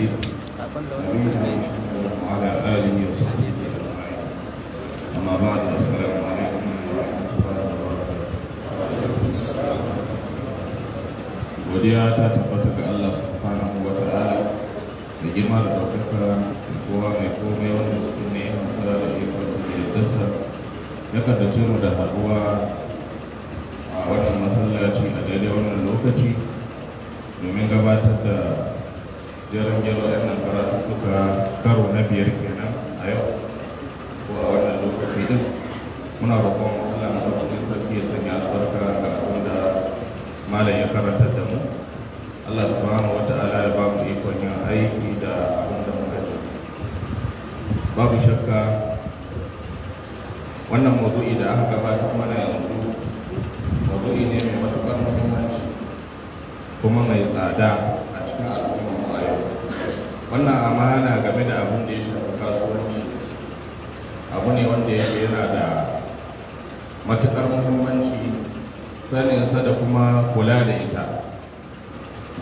مجيدا ومنه وعلى آله وصحبه أجمعين أما بعد السلام عليكم ورحمة الله وبركاته godiya ta tabbata ga Allah subhanahu wa ta'ala da girma da ɗaukaka da kowa mai komai wanda cikin ne ya hasara da ikonsa da ya da haɗuwa a wannan masallaci a daidai wannan lokaci domin gabatar da jeron gero yan nan karatu suka karo na biyar kenan a yau ko a wannan lokaci din muna roƙon matuƙar muhimmanci saninsa da kuma kula da ita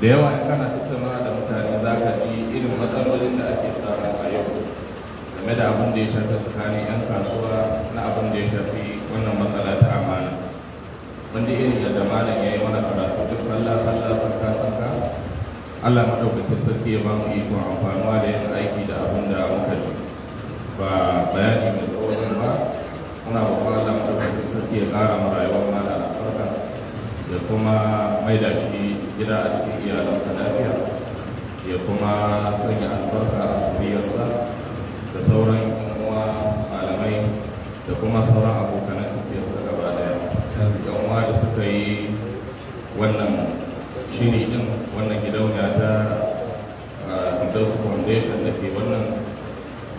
da yawa in kana tattauna da mutane za ka ji irin matsalolin da ake samu a yau game da abin da ya shafi tsakanin 'yan kasuwa na abin da ya shafi wannan matsala ta amana wanda irin da da malam ya yi mana karatu duk falla falla sanka sanka allah maɗaukakin sarki ya ba mu iko amfanuwa da yin aiki da abin da muka ji ba bayani mai tsawon ba muna roƙon Allah madaukakin sarki ya kara ma rayuwar ma da albarka ya kuma mai da shi gida a cikin iyalansa lafiya ya kuma sanya albarka a suriyarsa da sauran inuwa malamai da kuma sauran abokan tafiyarsa gaba daya yan uwa da suka yi wannan shiri din wannan gidauniya ta Windows ah, Foundation da ke wannan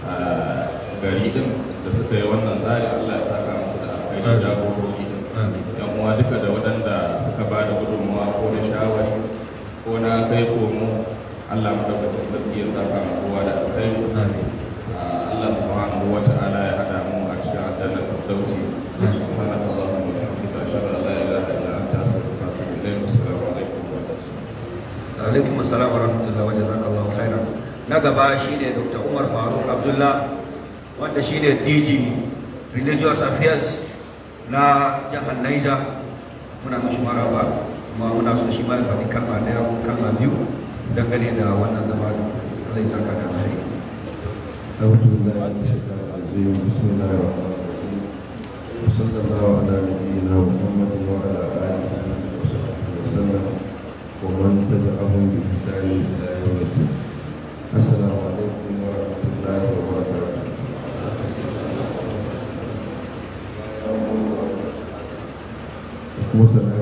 ah, gari din da suka yi wannan tsari Allah ya saka musu da alkhairi da gurbi yan uwa duka da waɗanda suka ba da gudunmawa ko da shawari ko na kai komo Allah madaukakin sarki ya saka mu kowa da alkhairi ah, Allah subhanahu wa ta'ala ya hada mu a cikin addinin firdausi subhanahu wa an rahmatullahi wa alaikum assalam wa rahmatullahi wa jazakallahu khairan na gaba shine Dr. Umar Faruk Abdullah wanda shi ne DG Religious Affairs na jihar Niger muna mashi maraba kuma muna so shi ma faɗi kalma ɗaya ko kalma biyu dangane da wannan zama da Allah ya saka da أعوذ بالله من الشيطان الرجيم بسم الله الرحمن الرحيم وصلى الله most of them.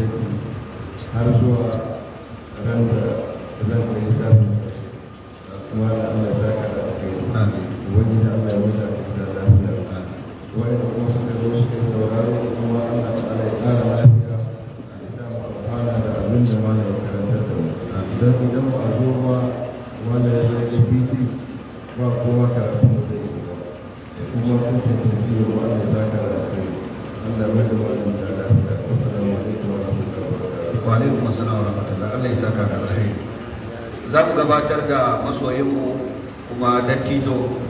alaikum har zuwa ran da zan kai kuma da Allah ya saka da kai wani da Allah ya wasa da lafiya wani kuma suka zo suka sauraro kuma Allah ta ya kara gabatar da masoyinmu kuma dattijo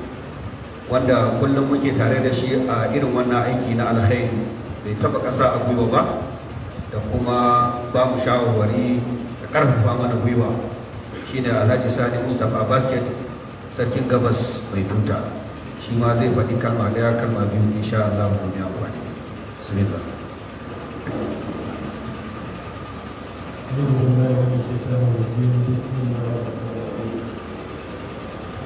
wanda kullum muke tare da shi a irin wannan aiki na alkhairi bai taba ƙasa a gwiwa ba da kuma ba mu shawarwari da ƙarfafa mana gwiwa shine alhaji sani mustapha basket sarkin gabas mai tuta shi ma zai faɗi kalma ɗaya kalma biyu insha Allah mu ne amfani Thank you.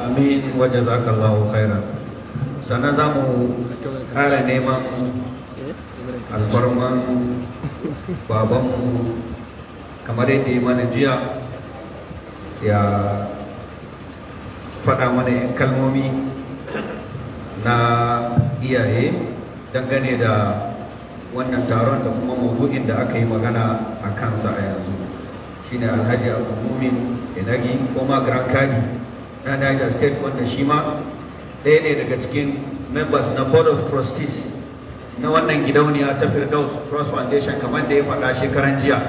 amin waje za ka lawo khaira sannan za mu kara neman alfarman babanmu kamar yadda yi mana jiya ya faɗa mana yan kalmomi na iyaye dangane da wannan taron da kuma mabu'in da aka yi magana a kansa a yanzu shine alhaji abu mumin inagi ko ma grand na niger state wanda shi ma ɗaya ne daga cikin members na board of trustees na wannan gidauniya ta firdaus trust foundation kamar da ya faɗa shekaran jiya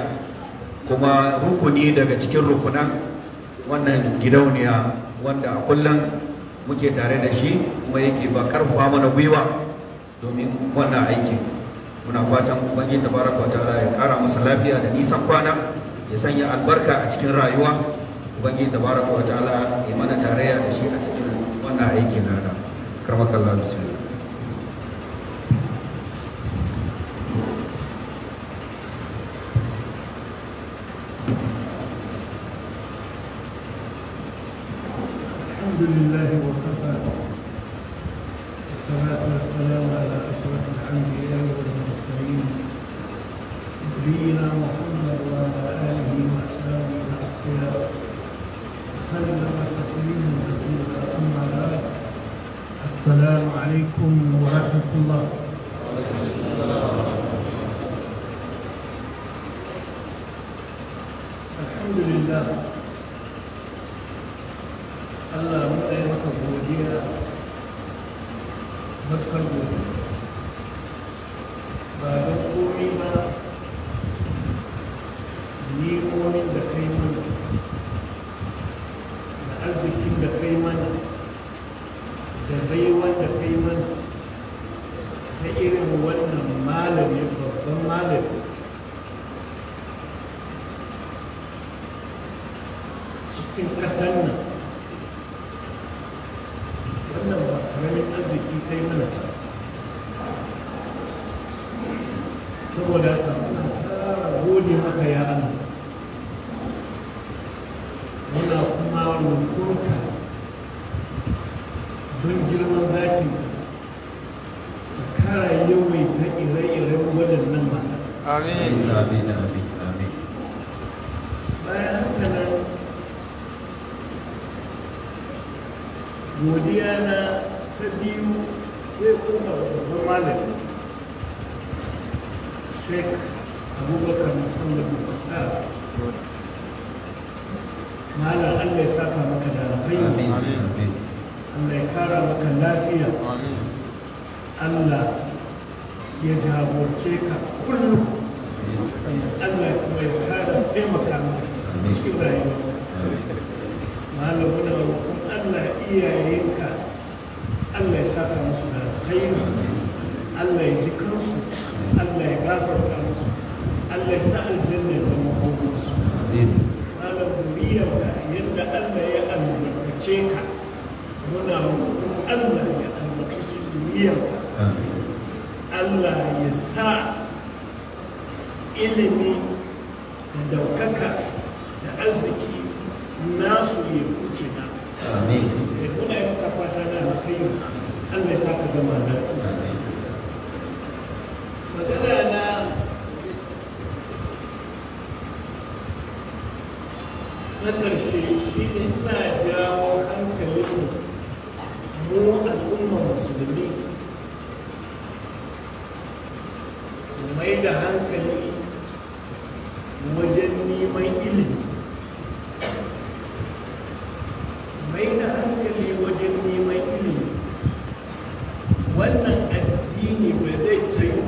kuma rukuni daga cikin rukunan wannan gidauniya wanda a kullum muke tare da shi kuma yake ba karfafa mana gwiwa domin wannan aikin muna fatan ubangi tabaraka wa ta'ala ya kara masa lafiya da nisan kwana ya sanya albarka a cikin rayuwa ubangi tabaraka wa ta'ala ya mana tarayya da shi a cikin wannan aikin nana karmakallah bismillah عليكم ورحمة الله الحمد لله abubakar saka maka da kara maka lafiya allah ya jagorce ka kullum allah kuma ya kara taimaka cikin rayuwa allah iyayenka ya saka musu da ya ji gafarta Allah ya sa aljanna ya zama kogon su malam zuriyar da yadda Allah ya albarkace ka muna roƙon Allah ya albarkace zuriyar ka Allah ya sa ilimi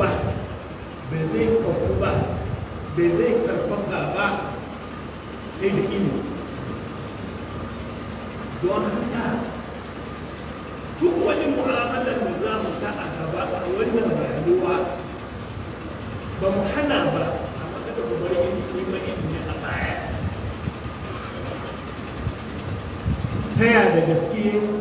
ba bai zai kafu ba bai zai karfafa ba sai da ilimi don haka duk wani mu'amalar da za mu sa a gaba a wannan rayuwa ba mu hana ba a amma kada ku bar ilimi ilimi a baya tsaya da gaskiya.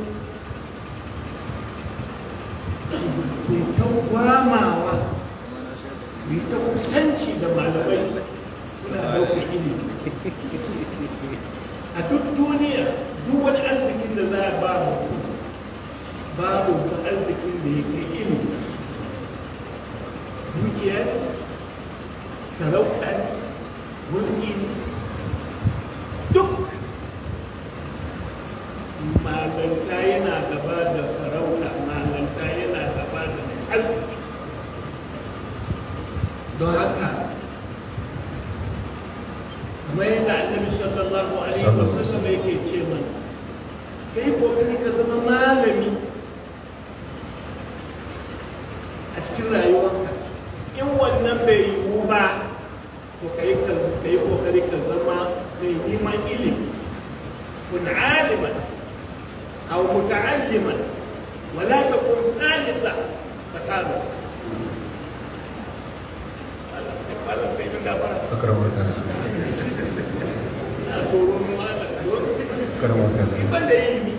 karama ka ni ban da ilimi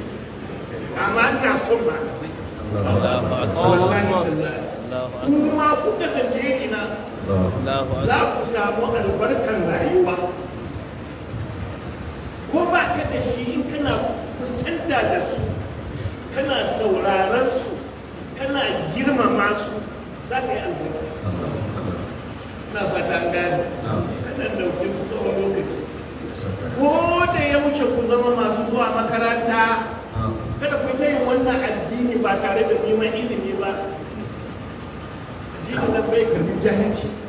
amma ina son ba kuma ku kasance ina za ku samu albarkan rayuwa ko ba ka da shi in kana kusanta da su kana sauraron su kana girmama su za ka yi ba tare da neman ilimi ba addini nan bai karbi jahanci.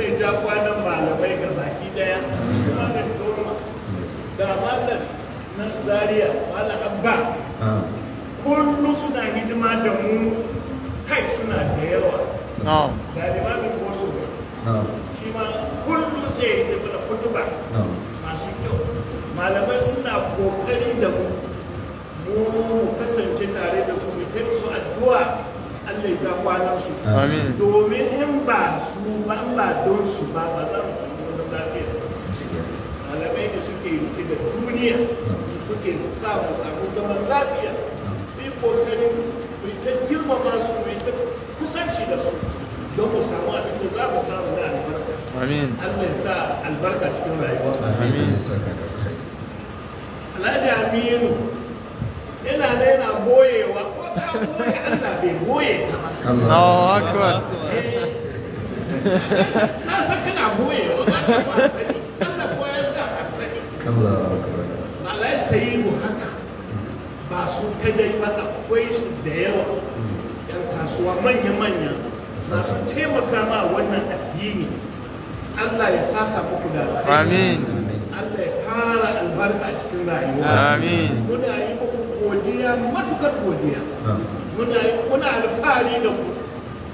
zai ja kwanan malamai ga baki daya kuma ga doma da na zaria abba ah. kullum suna hidima da mu kai suna da yawa da ah. limamin boso ah. shi ma kullum zai yi da kutuba masu kyau malamai suna kokari da mu mu kasance tare da su mu kai su addu'a Allah ya kwana su. Amin. domin in ba su ba in ba don su ba ba za su samu wani lafiya malamai da suke rike da duniya suke sa mu samu zaman lafiya bi kokarin mu ta girmama su mu ta kusanci da su don mu samu abin da za mu samu na albarka Amin. Allah ya sa albarka cikin rayuwa amin Alhaji Aminu Ina da yana boyewa Allahu akbar na ya sayi haka ba su ba su da yawa yan kasuwa manya-manya wannan addini Allah ya saka muku da amin Allah ya kara albarka a cikin rayuwa amin muna yi muku godiya matukar godiya muna alfahari da ku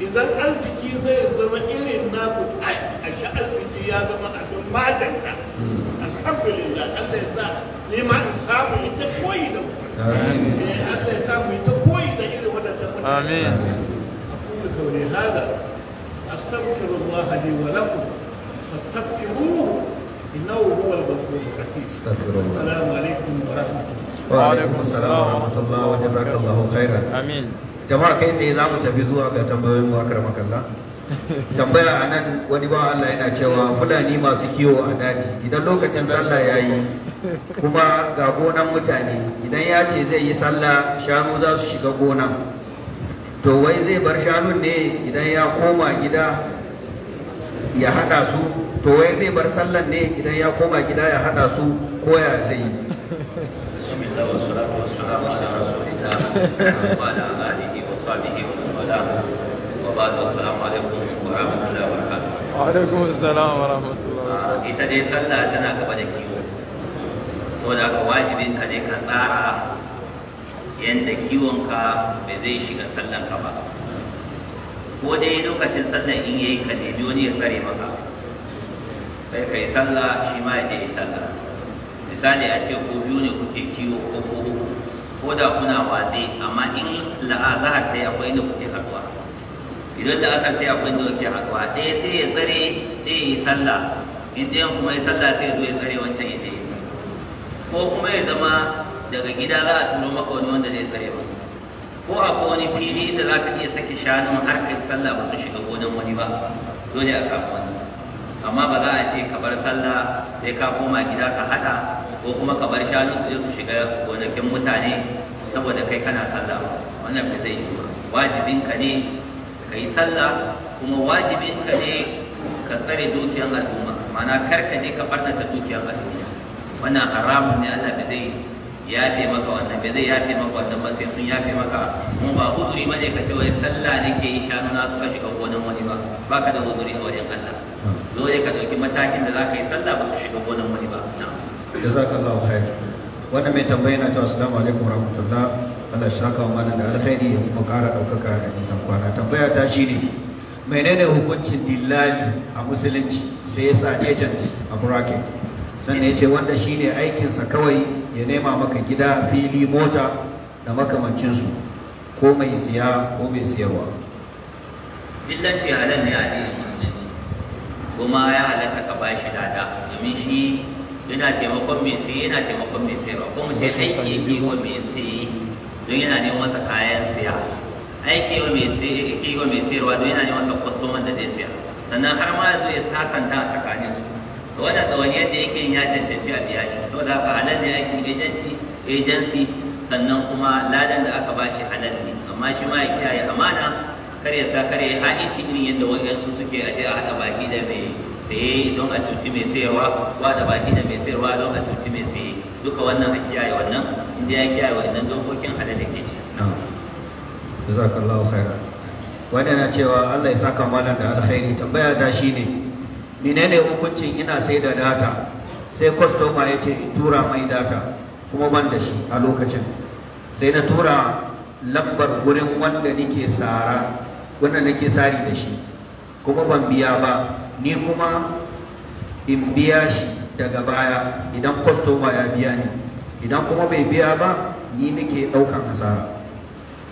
idan arziki zai zama irin naku ai a arziki ya zama abin madanka hmm. alhamdulillah Allah ya sa ni ma in samu ita koyi da ku eh, Allah ya samu ita koyi da irin wadannan mutane amin aqulu qawli hada astaghfirullah li wa lakum fastaghfiruhu Wa'alaikun salam wa rahmatullahi wa jazakallahu khairan. Amin. Jama'a kai sai za mu tafi zuwa ga tambayoyin mu akar makalla. Tambaya a nan wani ba Allah yana cewa Fulani masu kiwo a daji idan lokacin sallah ya yi kuma ga gonan mutane idan ya ce zai yi sallah shanu za su shiga gonan. To wai zai bar shanun ne idan ya koma gida ya haɗa su to wai zai bar sallan ne idan ya koma gida ya haɗa su ko ya zai yi. الله والصلاة والسلام على ita dai sallah tana gaba da kiwo to da ka wajibin ka dai ka tsara yadda kiwonka bai zai shiga sallan ka ba ko dai lokacin sallan in yayi ka nemi wani ya tsare maka kai kai sallah shi ma ya je sallah misali a ce ko biyu ne kuke kiwo ko ko uku ko da kuna watsi amma in la'azahar ta yi akwai inda kuke haɗuwa idan asar ta yi akwai inda kuke haɗuwa ɗaya sai ya tsare ɗaya ya yi sallah in ɗayan kuma ya sallah sai ya zo ya tsare wancan ya yi ko kuma ya zama daga gida za a turo maka wani wanda zai tsare ba ko akwai wani fili inda za ka iya saki shanun har kai sallah ba su shiga gonan wani ba dole a samu wani amma ba za a ce ka bar sallah sai ka koma gida ka hada ko kuma ka bar shanu su je su shiga gonakin mutane saboda kai kana sallah wannan ba zai yi ba wajibin ka ne ka yi sallah kuma wajibin ka ne ka tsare dukiyan al'umma mana kar ka je ka barnata dukiyan al'umma wannan haramun ne Allah ba zai yafe maka wannan ba zai yafe maka wannan ba sai sun yafe maka mun ba uzuri ba ne ka ce wai sallah ne ke yi shanu na suka shiga gonan wani ba baka da uzuri a wajen Allah hmm. dole ka ɗauki matakin da za ka yi sallah ba su shiga gonan wani ba na'am jazakallahu khair wannan mai tambaya na cewa assalamu alaikum warahmatullah Allah shi haka wa da alkhairi ya kuma kara daukaka da nisan kwana tambaya ta shine menene hukuncin dillali a musulunci sai ya sa agent a bracket sannan ya ce wanda shine aikinsa kawai ya nema maka gida fili mota da makamancinsu ko mai siya ko mai siyarwa dillanci halal ne a musulunci kuma ya halatta ka bashi dada domin shi yana taimakon mai sai yana taimakon mai sai ba kuma ce aiki yake ko mai sai don yana neman masa kayan siya aiki wa mai sai yake wa mai sayarwa don yana neman masa kwastoman da zai siya sannan har ma yanzu ya sasanta a tsakanin su wannan ɗawainiyar da yake yin ya cancanci a biya shi saboda haka halal ne aiki ejenci ejensi sannan kuma ladan da aka bashi halal ne amma shi ma ya kiyaye amana kar ya sa kar ya haɗinci irin yadda waɗansu suke je a haɗa baki da mai saye don a cuci mai sayarwa wa da baki da mai sayarwa don a cuci mai saye duka wannan a kiyaye wannan inda ya kiyaye wannan dokokin halal da ke ci jazakallahu khaira wani na cewa Allah ya saka malam da alkhairi tambaya da shi ne menene hukuncin ina sai da data sai kwastoma ya ce in tura mai data kuma ban da shi a lokacin sai na tura lambar gurin wanda nake sara wanda nake sari da shi kuma ban biya ba ni kuma in biya shi daga baya idan kwastoma ya biya ni idan kuma bai biya ba ni nake ɗaukan hasara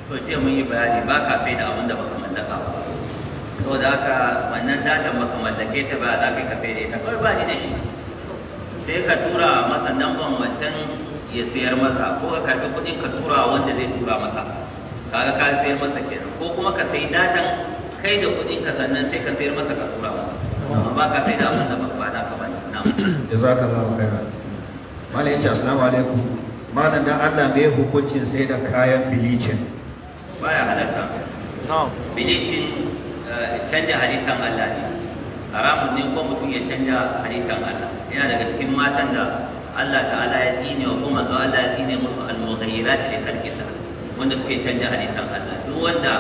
to ce mun yi bayani ba ka sai da abin da baka mallaka ba da aka wannan datan baka mallake ta ba za ka ka sai da ita kawai ba ni da shi sai ka tura masa nan ban wancan ya sayar masa ko ka karɓi kuɗin ka tura wanda zai tura masa kaga ka sayar masa kenan ko kuma ka sai datan kai da kuɗin ka sannan sai ka sayar masa ka tura masa amma ba ka sai da abin da ba da ka bane na da za ka zama kai mala yace assalamu alaikum malam dan Allah me hukuncin sai da kayan bilicin baya halatta na'am bilicin eh, canja halittan Allah ne haramun ne ko mutum ya canja halittan Allah yana daga cikin matan da Allah ta'ala ya tsine wa kuma Allah ya tsine musu al-mughayyirat li khalqillah wanda suke canja halittan Allah duk wanda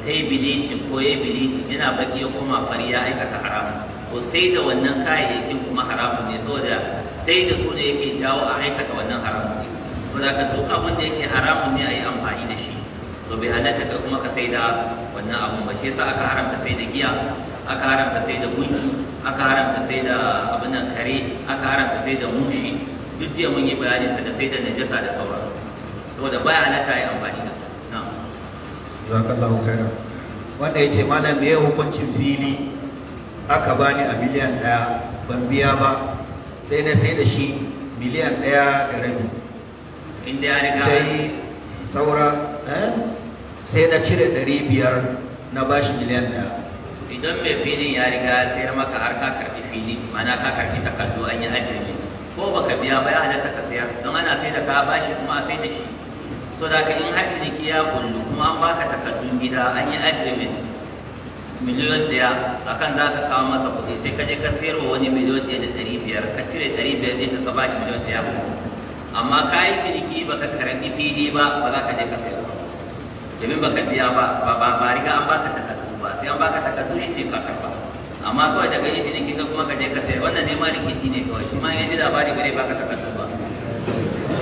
ta yi bilicin ko ya yi bilicin yana baki ya koma fari ya aikata haramun ko sai da wannan kayayyakin kuma haramun ne saboda sai da su ne yake jawo a aikata wannan haramun ne saboda ka duk abin da yake haramun ne a yi amfani da shi to bai halatta ka kuma ka sai da wannan abun ba shi yasa aka haramta sai da giya aka haramta sai da gunki aka haramta sai da abin nan kare aka haramta sai da mushi duk da mun yi bayanin sa da sai da najasa da sauran saboda baya halatta ya amfani da jazakallahu khairan wanda yace malam me hukuncin fili aka bani a miliyan daya ban biya ba sai na sai da shi miliyan daya da rabi sai saura eh, sai na cire ɗari biyar na bashi miliyan daya idan mai filin ya riga ya maka har ka karbi fili mana ka takardu an yi ajiyar ko baka biya ba ya halatta ka sayar don ana sai da ka bashi kuma sai da shi to da ka hajji har ciniki ya kullu kuma an baka takardun gida an yi agreement miliyon ɗaya akan za ka kawo masa kuɗi sai ka je ka sayarwa wani miliyon ɗaya da ɗari biyar ka cire ɗari biyar ne ka ba shi miliyon ɗaya amma ka yi ciniki ba ka karɓi fili ba ba za ka je ka sayar ba domin ba ka biya ba ba ba riga an baka takardu ba sai an baka takardu shi ne ka karɓa amma kawai daga yi ciniki ka kuma ka je ka sayar wannan neman rikici ne kawai shi ma yanzu labari ba ka baka takardu ba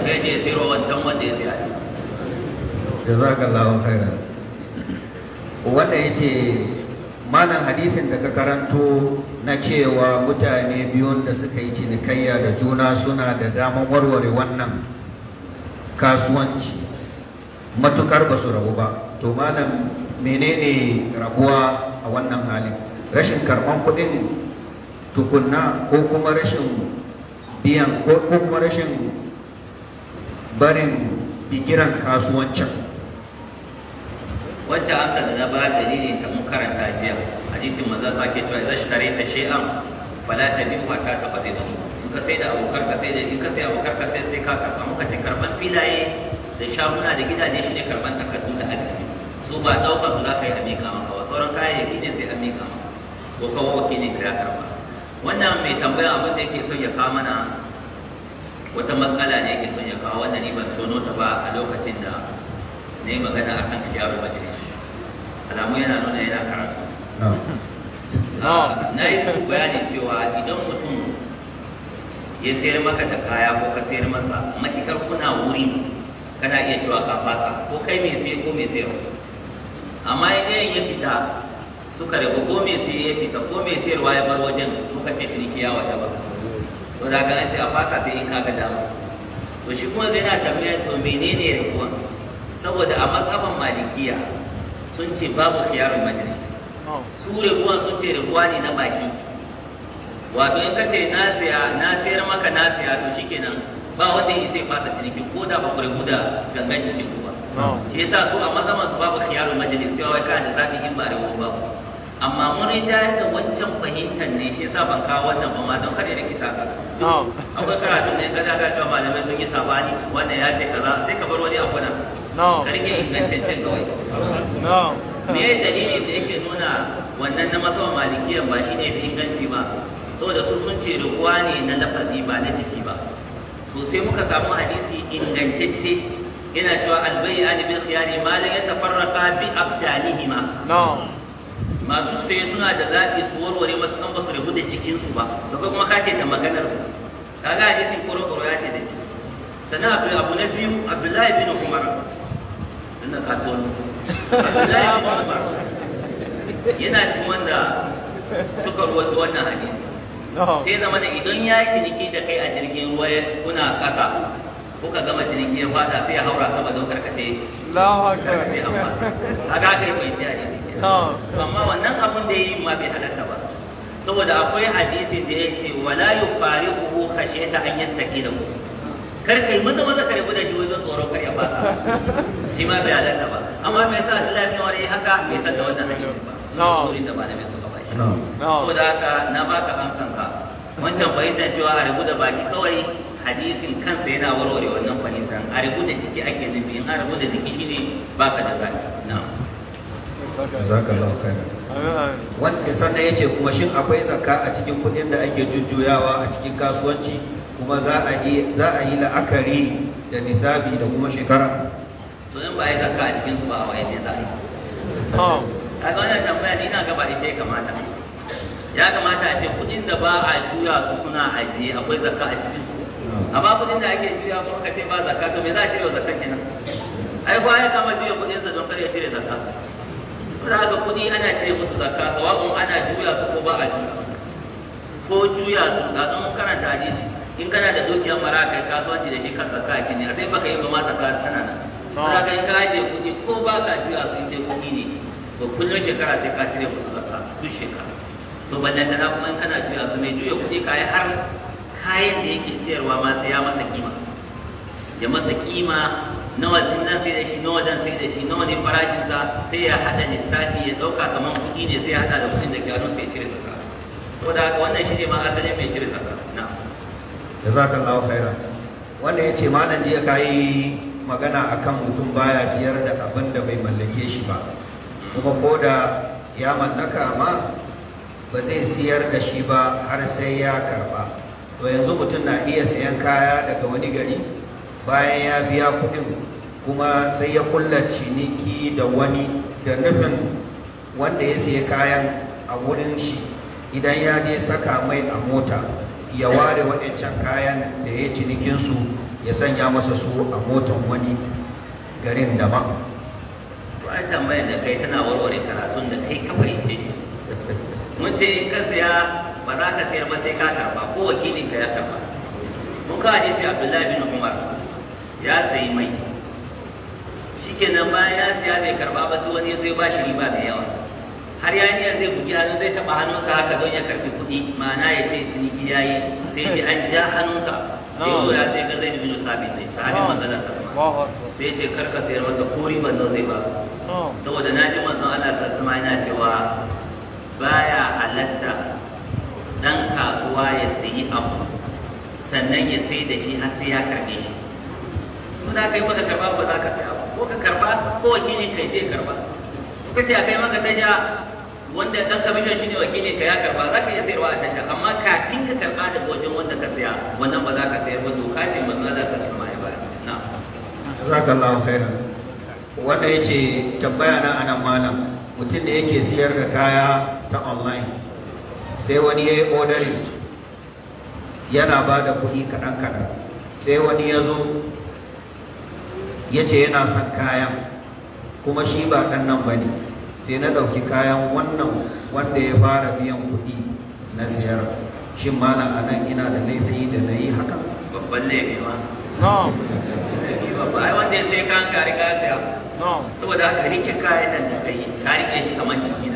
sai je sayarwa wancan wanda ya sayar jazakallahu khairan wannan yace malam hadisin da ka karanto na cewa mutane biyun da suka yi cinikayya da juna suna da damar warware wannan kasuwanci matukar ba su rabu ba to malam menene rabuwa a wannan halin rashin karban kuɗin tukuna ko kuma rashin biyan ko kuma rashin barin bigiran kasuwancin wacce amsa da na ba dalilin ta mun karanta jiya hadisin manzo sa ke cewa zai tare ta shay'an fala tabi'u ta tafadi da in ka sai da abokar ka sai da in ka sai abokar ka sai sai ka karba muka ce karban filaye da shaguna da gidaje shine karban takardu da hadisi su ba daukar su za ka yi a miƙa maka ba sauran kayayyaki ne sai a miƙa maka ko kawo wakilin ka karba wannan mai tambaya abin da yake son ya kawo mana wata matsala ne yake son ya kawo wannan ni ban tono ta ba a lokacin da na yi magana akan hijabu majalis yana nuna yana karatu na yi muku bayanin cewa idan mutum ya sayar maka da kaya ko ka sayar masa matikar kuna wuri kana iya cewa ka fasa ko kai mai sai ko mai sayarwa amma idan ya fita suka rabu ko mai sai ya fita ko mai sayarwa ya bar wajen kuka ce ciniki ya wata ba to da ga ce a fasa sai in kaga dama to shi kuma yana tambayar to menene rabuwan saboda a mazhaban malikiya sun ce babu khiyarul majalis oh. su rabuwan sun ce rabuwa ne na baki wato in ka ce na sayar maka na siya to shikenan ba wanda ya sai fasa ciniki ko da ba kuri da gangan jikin ku ba ke oh. yasa su a mazaman su babu khiyarul majalis sai wai kana da zafi in ba rabuwa babu amma mun rija da wancan fahimtar ne shi yasa ban kawo wannan ba ma don kare da kita ka oh. akwai karatun da ya gaza ga cewa malamai sun yi sabani wannan ya ce kaza sai ka bar wani abu nan no karfe ingantaccen kawai no me dalilin da yake nuna wannan na masaba malikiyar ba shi ne fi inganci ba saboda su sun ce ruwa ne na lafazi ba na jiki ba to sai muka samu hadisi ingantacce yana cewa albayi ani bil khiyari ma la yatafarraqa bi abdanihima no masu sai suna da zaɓi su warware masu kan basu su rabu da jikinsu ba da kuma ka ce da maganar kaga hadisin koro koro ya ce da jiki sannan abu na biyu abdullahi bin umar ina katon Abdullahi bin Umar yana cin wanda suka ruwato wannan hadisi sai zama da idan ya yi ciniki da kai a jirgin ruwa kuna ƙasa kuka gama ciniki ya fada sai ya haura sama don karkace karkace amma haka kai mai ji hadisi amma wannan abun da ya yi ma bai halatta ba saboda akwai hadisi da ya ce wala yufariquhu khashiyata an yastaqila kar kai maza maza ka rabu da shi wajen tsoron kar ya fasa shi ma bai halatta ba amma me yasa Allah ya wani haka bai san da wannan hadisi ba wurin da malamai suka ba shi ko da haka na baka amsan ka wancan fahimtar cewa a rabu da baki kawai hadisin kansa yana warware wannan fahimtar a rabu da ciki ake nufi in a rabu da ciki shine baka da zaki na'am jazakallahu khairan wanda sannan yace kuma shin akwai zakka a cikin kuɗin da ake jujjuyawa a cikin kasuwanci kuma za a yi la'akari da nisabi da kuma shekara to in ba ya zakka a cikin su ba a waye ne za a yi oh. a ga wannan tambaya ni na gaba ita ya kamata ya kamata a ce kudin da ba a juya su suna ajiye akwai zakka a cikin su amma kudin da ake juya kuma ka ce ba zakka to me za a cire zakka kenan ai ko ya kama juya kudin sa don kar ya cire zakka da haka kudi ana cire musu zakka sawa'un ana juya su ko ba a juya ko juya su da don karanta hadisi in kana da dukiya mara kai kasuwanci da shi ka tsaka a ne sai baka yi ba ma tsaka tana nan mara kai ka ajiye kuɗi ko ba ka a sun in kuɗi ne to kullum shekara sai ka cire musu zakka duk shekara to ballanta na kuma in kana juya su mai juya kuɗi ka yi har kayan da yake siyarwa ma sai ya masa kima ya masa kima nawa din nan sai da shi nawa dan sai da shi nawa ne farashin sa sai ya hada lissafi ya dauka kaman kuɗi ne sai ya hada da kuɗin da gyaran sai ya cire zakka ko da haka wannan shi ne ma asalin mai cire zakka na'am Da jazakallahu khairan wannan yace malam ya kai magana akan mutum baya siyar da abin da bai mallake shi ba kuma ko da ya mallaka ma ba zai siyar da shi ba har sai ya karba to yanzu mutum na iya sayan kaya daga wani gari bayan ya biya kuɗin kuma sai ya kulla ciniki da wani da nufin wanda ya sayi kayan a wurin shi idan ya je saka mai a mota ya ware waɗancan kayan da ya cinikinsu ya sanya masa su a motan wani garin da ma a an tambayar da kai tana warware karatun da kai kafai ce. mun ce in ka siya ba za ka sayar ba sai ka karba ko wakilin ka ya karba mun ka hadisi abdullahi bin umar ya sayi mai shikenan bayan ya siya bai karba ba sai wani ya zai ba shi riba mai yawa har yariya zai bugi hannu zai taɓa hannunsa haka don ya karɓi kuɗi ma'ana ya ce ciniki ya yi sai ji an ja hannunsa sai zoya sai ga zai dubinu sabin ne sahabin manzalar sa sai ce karka sayar masa kori ban nan zai ba saboda na ji manzon Allah sa sama yana cewa baya halatta dan kasuwa ya sayi abu sannan ya sai da shi har sai ya karɓe shi ko da kai baka karɓa ba za ka saya abu ko ka karɓa ko wakilin kai zai karɓa Ko ce a kai maka tasha wanda ɗan kamishin shine ne ka ya karba za ka iya sayarwa a tasha amma kafin ka karba daga wajen wanda ka saya wannan ba za ka sayar ba doka ce ba za su sama ya ba na jazakallahu khairan wanda yace tambaya na anan malam mutum da yake siyar da kaya ta online sai wani ya yi odari yana ba da kuɗi kaɗan kaɗan sai wani ya zo ya ce yana son kayan kuma shi ba ɗan nan ba ne sai na ɗauki kayan wannan wanda ya fara biyan kuɗi na siyar shin malam a nan ina da laifi da na yi haka babban laifi ma no babba ai wanda ya sai kayan kare kaya siya no saboda haka rike kayan nan da ka yi ka rike shi kamar jiki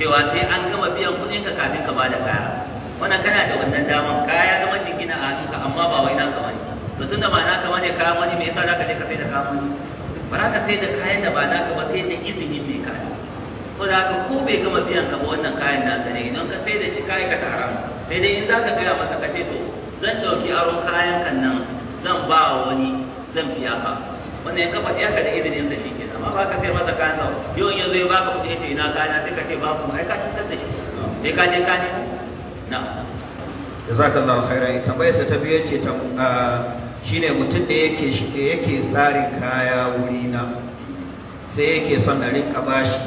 cewa sai an gama biyan kuɗin ka kafin ka bada kaya wannan kana da wannan daman kaya kamar jiki na a hannunka amma ba wai na kamar to tunda ma na kamar ne kaya, wani me yasa za je ka sai da kayan wani ba za ka sai da kayan da ba ka ba sai da izinin mai kayan ko da haka ko bai gama biyan ka ba wannan kayan na ne idan ka sai da shi kayan ka ta haram sai dai in za ka gaya masa ka ce to zan ɗauki aro kayan kan nan zan ba wa wani zan biya ka wannan ya kafa ɗaya ka da izinin sa shi kenan amma ba ka sai masa kayan nawa yawan yanzu ya baka kuɗi ya ce ina kayan sai ka ce ba ku ai ka cutar da shi sai ka je ka nemo na'am jazakallahu khairan tambayar sa ta biye ce ta ah, shine mutum da yake yake tsarin kaya wuri na sai yake son na rinka bashi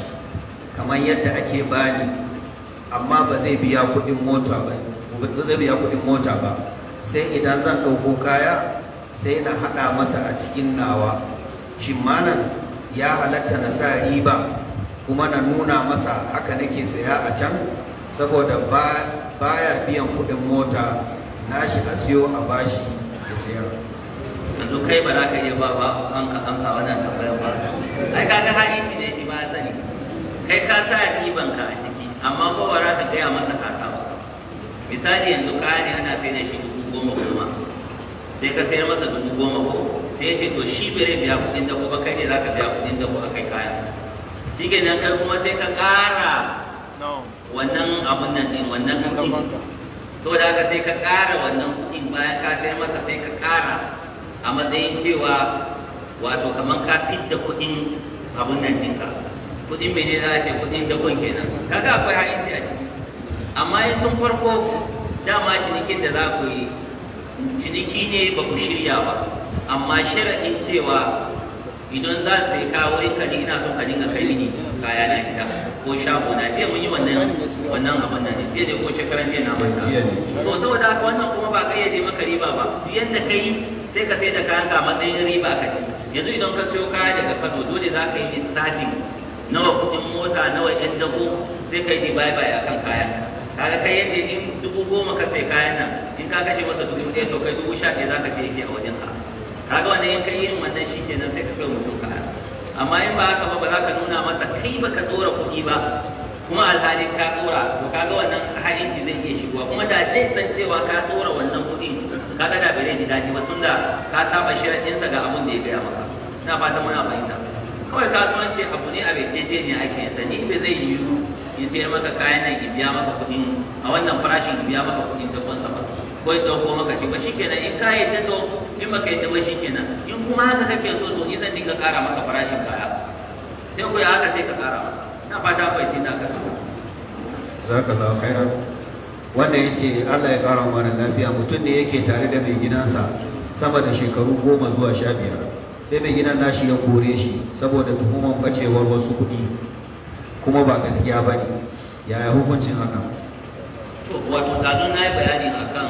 kamar yadda ake bani amma ba zai biya kuɗin mota ba zai biya kuɗin mota ba sai idan zan ɗauko kaya sai na haɗa masa a cikin nawa shin malam ya halatta na sa riba kuma na nuna masa haka nake saya a can saboda baya biyan kuɗin mota na a siyo a bashi da sayar yanzu kai ba za ka iya ba ba an ka amsa wannan tambayar ba ai kaga ki ne shi ma sani kai ka sa riban ka a ciki amma ko ba za ka gaya masa ka sa misali yanzu ka ne ana sai da shi dubu goma goma sai ka sayar masa dubu goma ko sai ya ce to shi bai biya kuɗin dako ba kai ne za ka biya kuɗin dako a kai kaya shi ke nan kai kuma sai ka ƙara wannan abun nan ɗin wannan kuɗin saboda haka sai ka ƙara wannan kuɗin bayan ka sayar masa sai ka ƙara a matsayin cewa wato kamar ka fidda kuɗin abun nan ɗinka kuɗin ne za a ce kuɗin dakon kenan kaga akwai ha'inci a ciki amma yin tun farko dama cinikin da za ku yi ciniki ne ba ku shirya ba amma sharaɗin cewa idan za su yi kawo yi kani ina son kani ga kai ni kaya na gida ko shago na je eh mun yi wannan wannan abin nan ne eh da ko shekaran jiya na manta to saboda haka wannan kuma ba kai ya je maka riba ba yadda kai sai ka sai da kayan ka matsayin riba ka ci yanzu idan ka siyo kaya daga Kano dole za ka yi lissafin nawa kuɗin mota nawa yan dago sai ka yi dibai bai akan kayan kaga kai yadda in dubu goma ka sai kayan nan in ka kashe masa dubu ɗaya to kai dubu sha ɗaya za ka ce yake a wajen ka kaga wannan in kai irin wannan shi kenan sai ka kai mutum kaya amma in ba haka ba ba za ka nuna masa kai ba ka ɗora kuɗi ba kuma alhalin ka dora to kaga wannan ha'inci zai iya shigowa kuma da zai san cewa ka dora wannan kuɗin kaga da bai ji daɗi ba tunda ka saba sharaɗinsa ga abun da ya gaya maka ina fata muna fahimta kawai kasuwanci abu ne a bejeje ne ake yin sani bai zai yiwu in sayar maka kayan nan in biya maka kuɗin a wannan farashin in biya maka kuɗin da kwansa ba ko in ɗauko maka shi ba shikenan in ka yadda to in maka yadda ba shikenan in kuma haka kake so to idan zan ka ƙara maka farashin baya sai ku ya haka sai ka ƙara maka? ina fata bai tinda ka za ka khairan wanda ya ce Allah ya ƙara mana lafiya mutum ne yake tare da mai gidansa sama da shekaru goma zuwa sha biyar sai mai gidan nashi ya kore shi saboda tuhuman bacewar wasu kuɗi kuma ba gaskiya ba ne yaya hukuncin haka wato na yi bayani akan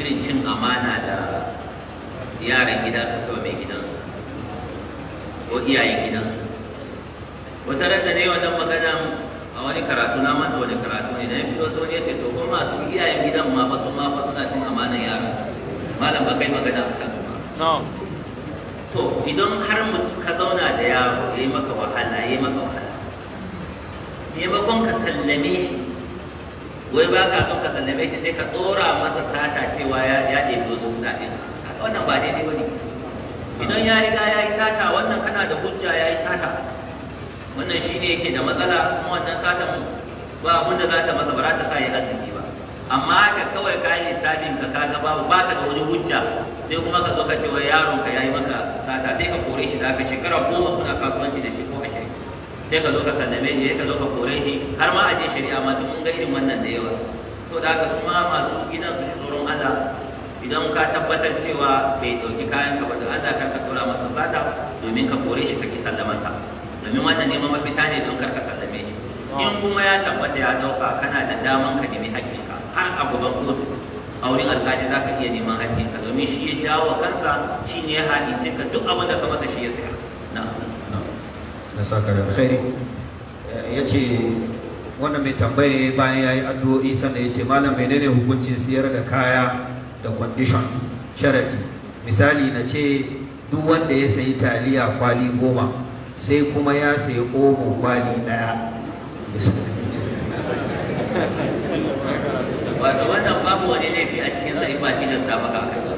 irin cin amana da yaran gida su mai ko iyayen gidansu wata randa ne wannan magana. wani karatu na manta wani karatu ne da ya fito so ne sai to ko masu iyayen gidan ma fa ma fa suna cin amanan yara malam ba kai magana a kan ma to idan har ka zauna da yaro yi maka wahala yi maka wahala maimakon ka sallame shi wai ba ka son ka sallame shi sai ka tsora masa sata cewa ya ya ɗebi wasu kuɗaɗe wannan ba daidai ba ne idan ya riga ya yi sata wannan kana da hujja ya yi sata wannan shi ne yake da matsala kuma wannan satan ba abin da za ta masa ba ta sa ya arziki ba amma ka kawai ka yi lissafin ka ga babu ba ka da wani hujja sai kuma ka zo ka ce wa yaron ka yayi maka sata sai ka kore shi da ka shekara goma kuna kasuwanci da shi ko ashirin sai ka zo ka sallame shi sai ka zo ka kore shi har ma a je shari'a ma tun ga irin wannan da yawa to da haka kuma masu gidan su tsoron Allah idan ka tabbatar cewa bai ɗauki kayan ka ba da Allah ka tura masa sata domin ka kore shi ka kisa da masa. domin wata neman mafita ne don karka sallame shi in kuma ya tabbata ya dauka kana da daman ka nemi haƙƙinka har a gaban kotu a wurin za ka iya neman haƙƙinka domin shi ya jawo kansa shi ne ya haƙince ka duk abin da ka shi ya saya na na ka da khairi ya ce wannan mai tambaye bayan ya yi addu'o'i sannan ya ce malam menene hukuncin siyar da kaya da condition sharafi misali na ce duk wanda ya sayi taliya kwali goma sai kuma ya sayi ƙogon kwali ɗaya wato wannan babu wani laifi a cikin sa ba da maka a kasa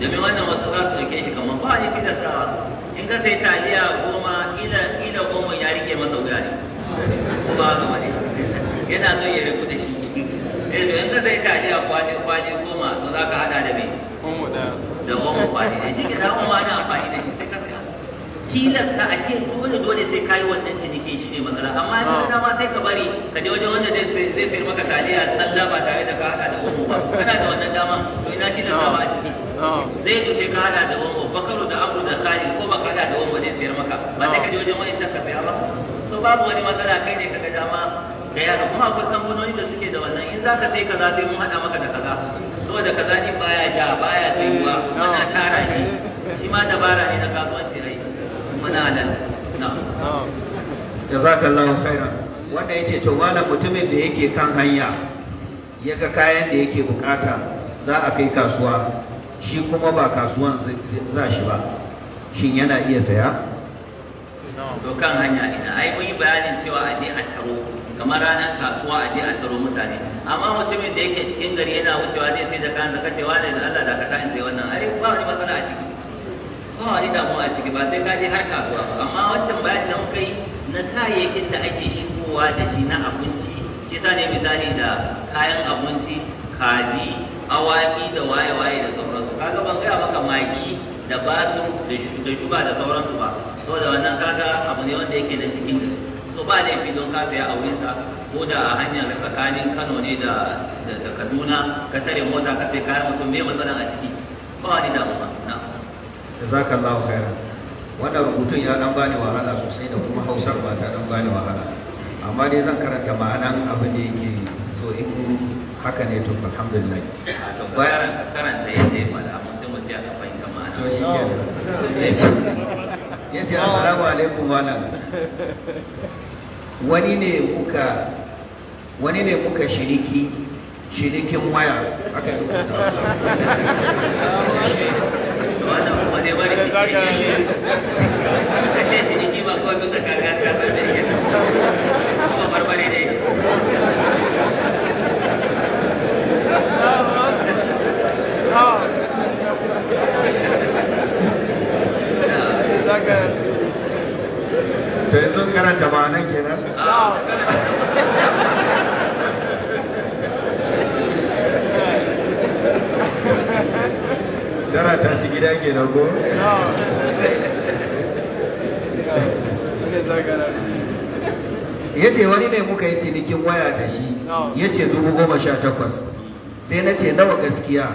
domin wannan wasu za su ɗauke shi kamar ba ni tilastawa in ka sai taliya goma ila ila goma ya rike masa wuya ne ko ba ga wani yana so ya rubuta da shi eh to in ka sai taliya kwali kwali goma to za ka hada da me da goma kwali ne eh, shi ke da goma ana amfani da shi tilasta a ce dole dole sai kayi wannan ciniki shi ne matsala amma yanzu ka ma sai ka bari ka je wajen wanda zai sayar maka taliya tsalla ba tare da ka hada da omo ba kana da wannan dama to ina tilasta ba a ciki zai to sai ka hada da omo bakaru da abu da khalid ko ba ka hada da omo zai sayar maka ba sai ka je wajen wani ka saya ba to babu wani matsala kai ne kaga dama da yaro kuma akwai kamfanoni da suke da wannan in zaka sai kaza sai mun hada maka da kaza saboda kaza din baya ja baya sayuwa ana tara shi shi ma dabara ne na kasuwanci muna nan na'am jazakallahu khairan wanda yace to malam mutumin da yake kan hanya ya ga kayan da yake bukata za a kai kasuwa shi kuma ba kasuwan za shi ba shin yana iya saya to kan hanya ina ai mun yi bayanin cewa a je a taro kamar ranar kasuwa a je a taro mutane amma mutumin da yake cikin gari yana wucewa ne sai da kan zaka cewa ne da Allah da ka ta sai wannan ai ba wani matsala a ciki ba wani damuwa a ciki ba sai ka je har kasuwa ba amma wancan bayanin da muka yi na kayayyakin da ake shigowa da shi na abinci shi sa ne misali da kayan abinci kaji awaki da waye-waye da sauransu kaga ban gaya maka magi da batu da shuba da sauransu ba da wannan kaga abu ne wanda yake na cikin da so ba laifi don ka saya a wurinsa ko da a hanyar tsakanin kano ne da kaduna ka tare mota ka sai kayan mutum mai matsala a ciki ba wani damuwa na'am jazakallahu khairan wannan rubutun ya dan bani wahala sosai da kuma hausar ba ta dan bani wahala amma dai zan karanta ma'anan abin da yake so in haka ne to alhamdulillah to bayan karanta yadda ya faɗa amma sai mutum ya ka fahimta ma'ana to shi ke yace assalamu alaikum malam wani ne kuka wani ne kuka shiriki shirikin waya aka yi rubuta Mano, mandei uma ya ce wani ne muka yi cinikin waya da shi ya ce dubu goma sha takwas sai na ce nawa gaskiya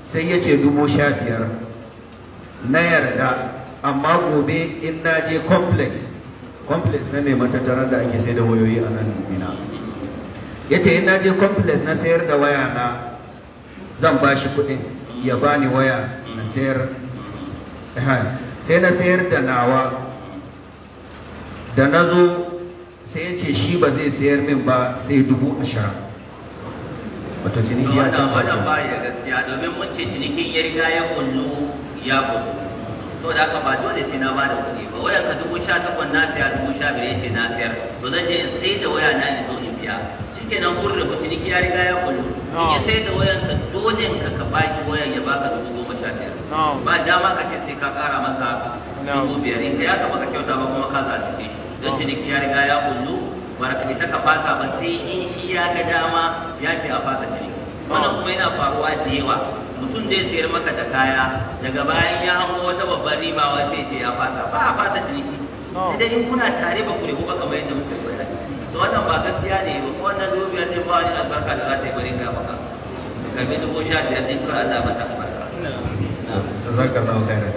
sai ya ce dubu sha biyar na yarda amma gobe in na je complex complex na ne matattaran da ake sai da wayoyi a nan mina ya ce in na je complex na sayar da waya na zan ba shi kudin ya ba ni waya na sayar sai na sayar da nawa da na zo ce shi ba zai sayar min ba sai dubu ashirin wato ciniki ya canza wannan ba ya gaskiya domin mun cinikin ya riga ya kullu ya bugu. to da aka ba dole sai na ba da kuɗi ba wayan ka dubu sha takwas na saya dubu sha biyar ce na sayar to zan je in sai da waya na in zo in biya shikenan kun rubu ciniki ya riga ya kullu in sai da wayansa dole ka ka bashi wayan ya baka dubu goma sha biyar ba dama ka ce sai ka kara masa dubu biyar in ka ya ka kyauta ba kuma ka zalunce shi don ciniki ya riga ya kullu ba ka isa ka fasa ba sai in shi ya ga dama ya ce a fasa cire wannan kuma yana faruwa da yawa mutum da ya sayar maka da kaya daga bayan ya hango wata babbar riba wa sai ce ya fasa ba a fasa ciniki sai dai in kuna tare ba ku rigo ba kamar yadda muka yi bayani to wannan ba gaskiya ne ba ko wannan dubiyar ne ba wani albarka da za ta yi barin ka maka karbi dubu sha biyar din kawai Allah mata zaka na khairan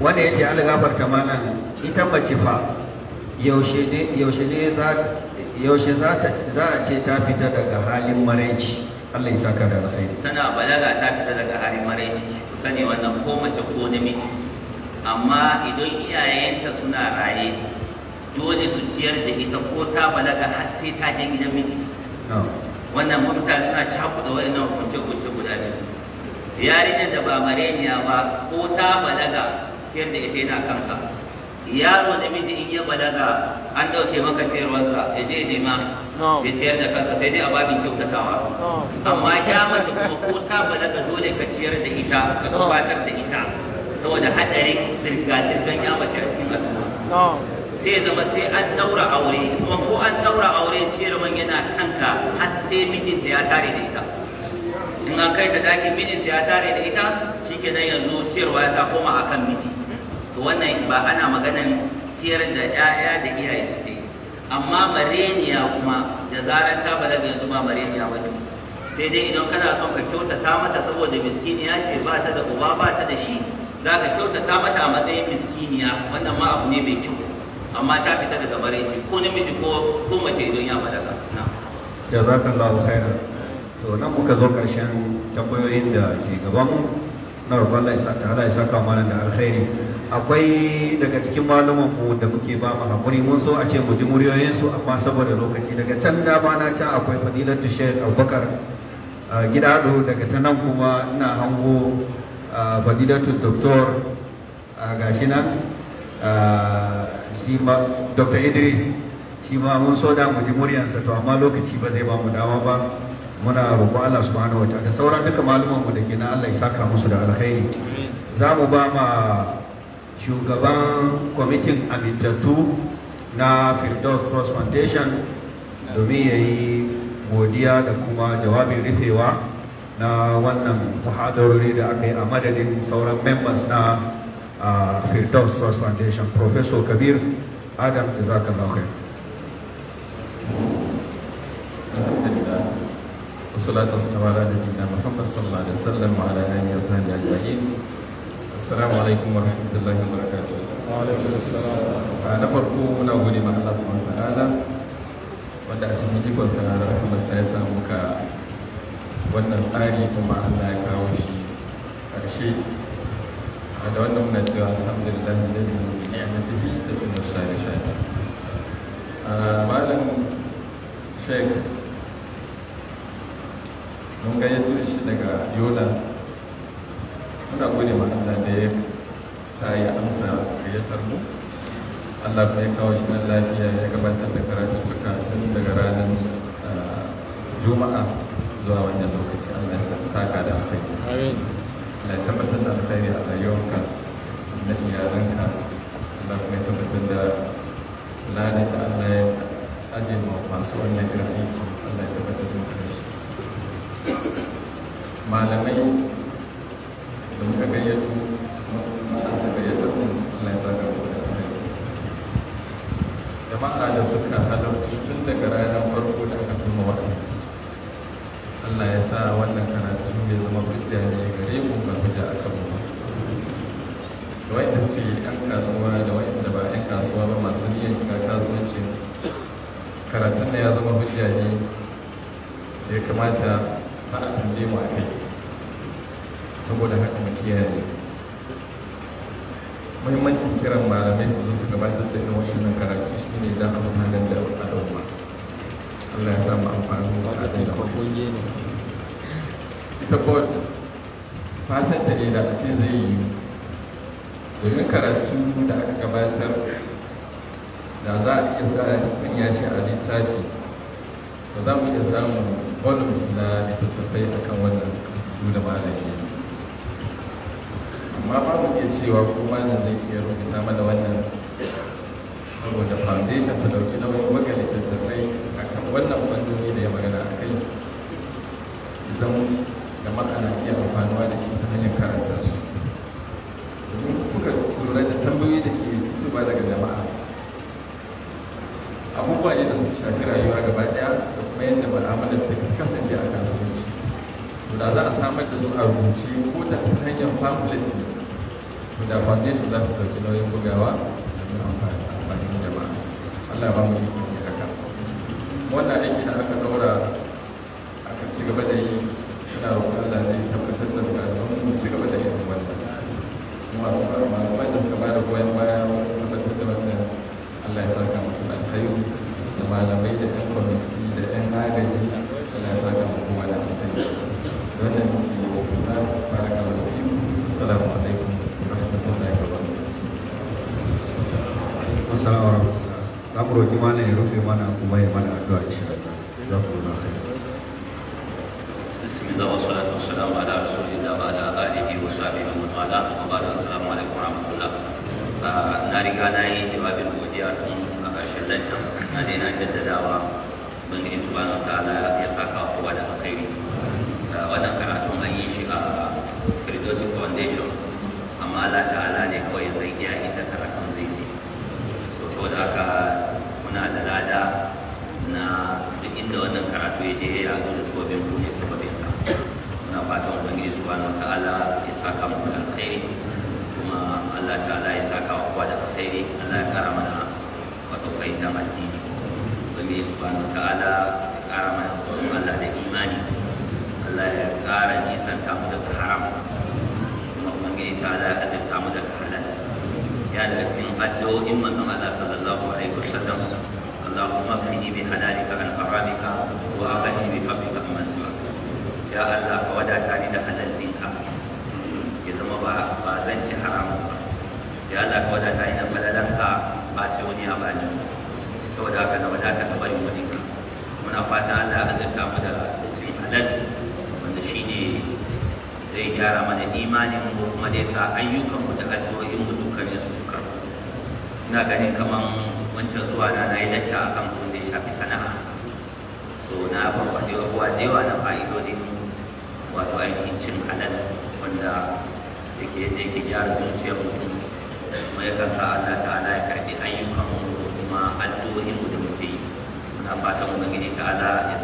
wanda yace Allah gafarta malam ita mace fa yaushe ne yaushe ne za yaushe za a ce ta fita daga halin maraici Allah ya saka da alkhairi tana balaga ta fita daga halin maraici ku sani wannan ko mace ko namiji amma idan iyayenta suna raye dole su ciyar da ita ko ta balaga har sai ta je gidan miji wannan mafita suna cakuɗa wa'annan kunce-kunce guda biyu yarinyar da ba mareniya ba ko ta balaga ciyar da ita yana kanka yaro miji in ya balaga an dauke maka ciyarwarsa ya je nema ya ciyar da kansa sai dai a babin kyautatawa amma ya mace kuma ko ta balaga dole ka ciyar da ita ka gabatar da ita saboda hadarin zirga-zirgan ya mace a cikin al'umma sai zama sai an daura aure kuma ko an daura aure ciyarwan yana kanka har sai da ya tare da ita in an kai ta dakin da ya tare da ita shikenan yanzu ciyarwa ta koma kan miji to wannan ba ana maganar siyar da 'ya'ya da iyaye ke amma mareniya kuma da zarar ta bala ga yanzu ba mareniya ba sai dai idan kana son ka kyautata mata saboda miskiniya ce ba ta da uba ba ta da shi za ka kyautata mata a matsayin miskiniya wannan ma abu ne mai kyau amma ta fita daga mareniya ko namiji ko ko mace idan ya ya balaga jazakallahu khairan to nan muka zo karshen tambayoyin da ke gaban na roƙon Allah ya saka mana da alkhairi akwai daga cikin malaman mu da muke ba mu hakuri mun so a ce mu ji muryoyinsu amma saboda lokaci daga can dama na can akwai fadilatu shehu abubakar gidado daga ta nan kuma ina hango fadilatu doktor gashi nan dr idris shi ma mun so da mu ji muryansa to amma lokaci ba zai ba mu dama ba muna roƙo Allah subhanahu wa ta'ala sauran duka malaman mu da ke na Allah ya saka musu da alkhairi za mu ba ma shugaban kwamitin amintattu na firdaus trust foundation domin ya yi godiya da kuma jawabin rufewa na wannan muhadarori da aka yi a madadin sauran members na firdaus trust foundation professor kabir adam da zaka lafiya wasu والسلام على da محمد صلى sallallahu alaihi wasallam وعلى آله وصحبه أجمعين assalamu alaikum wa rahmatullahi wa barakatuh wa alaikum assalam ah, na farko muna gode ma Allah subhanahu wa ta'ala wanda a cikin ikon sa da rahmar sa ya samu ka wannan tsari kuma Allah ya kawo shi karshe ah, da wannan muna cewa alhamdulillah da ne da ni'amatihi da kuma salihat ah, malam sheikh mun gayyato shi daga yola muna gode ma Allah da ya sa ya amsa gayyatar mu Allah ya kawo shi nan lafiya ya gabatar da tuka tun daga ranar ah, juma'a zuwa wannan lokaci Allah ya saka da amin Allah ya tabbatar da alkhairi a rayuwarka na iyalanka Allah ya tabbatar da ladan da Allah ya aje ma masu wannan irin aiki Allah ya tabbatar da shi malamai karatun da ya zama hujja ne da ya kamata a tambaye mu a kai saboda haka mu kiyaye muhimmancin kiran malamai su zo su gabatar da irin wannan karatu shi ne don amfanin da al'umma Allah ya sa mu amfani da al'umma ita board fatan da ne da a ce zai yi domin karatu da aka gabatar da za a iya sanya shi a littafi ba za mu iya samun volumes na littattafai a kan wannan kasidu da malami amma ba mu iya cewa ko malam zai iya rubuta mana wannan saboda foundation ta dauki na waga littattafai a kan wannan abubuwa ne da suka shafi rayuwa gaba ɗaya da kuma yadda mu'amalar ta kasance a kasuwanci to da za a samar da su a rubuce ko da ta hanyar pamphlet to da foundation za ta ɗauki nauyin bugawa amfani da jama'a Allah ba mu roƙi malam ya rufe mana kuma ya mana addu'a insha da ya sa ayyukanmu da addu'o'inmu dukkanin su suka ina ganin kaman wancan zuwa na na yi lacca a kan abin da ya shafi sana'a so na farfaɗe abubuwa da yawa na fa'idodin wato aikin cin halal wanda da ke da yake gyara zuciyar mutum kuma yakan sa Allah ta'ala ya karɓi ayyukan mu kuma addu'o'in da muke yi muna fatan ubangiji ta'ala ya